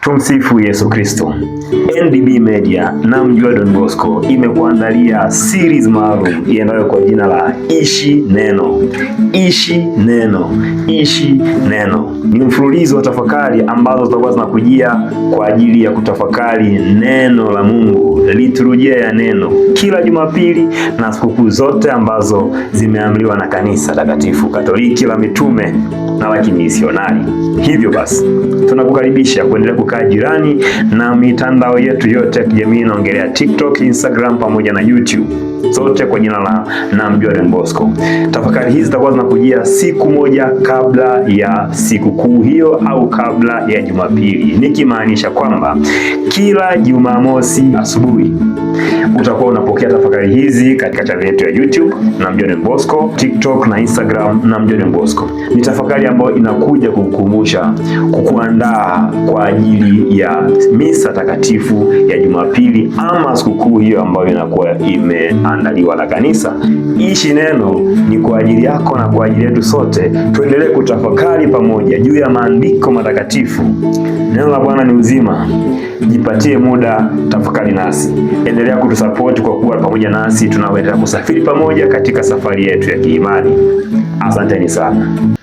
Tumsifu Yesu Kristo. NDB Media na Mjua Don Bosco imekuandalia series maalum iendayo kwa jina la Ishi Neno. Ishi Neno. Ishi Neno ni mfululizo wa tafakari ambazo zitakuwa zinakujia kwa ajili ya kutafakari neno la Mungu, liturujia ya neno kila Jumapili na sikukuu zote ambazo zimeamriwa na Kanisa Takatifu Katoliki la Mitume na wakimisionari. Hivyo basi, tunakukaribisha kuendelea kukaa jirani na mitandao yetu yote ya kijamii inaongelea TikTok, Instagram pamoja na YouTube, zote kwa jina la Namjua Don Bosco. Tafakari hizi zitakuwa zinakujia siku moja kabla ya sikukuu hiyo au kabla ya Jumapili, nikimaanisha kwamba kila Jumamosi asubuhi utakuwa unapokea tafakari hizi katika chaneli yetu ya YouTube na Mjoni Bosco, TikTok na Instagram na Mjoni Bosco. Ni tafakari ambayo inakuja kukukumbusha, kukuandaa kwa ajili ya misa takatifu ya Jumapili ama sikukuu hiyo ambayo inakuwa imeandaliwa na kanisa. Ishi Neno ni kwa ajili yako na kwa ajili yetu sote, tuendelee kutafakari pamoja juu ya maandiko matakatifu. Neno la Bwana ni uzima. Jipatie muda, tafakari nasi, endelea kutu kutusupport kwa kuwa pamoja nasi tunaoendelea kusafiri pamoja katika safari yetu ya kiimani. Asanteni sana.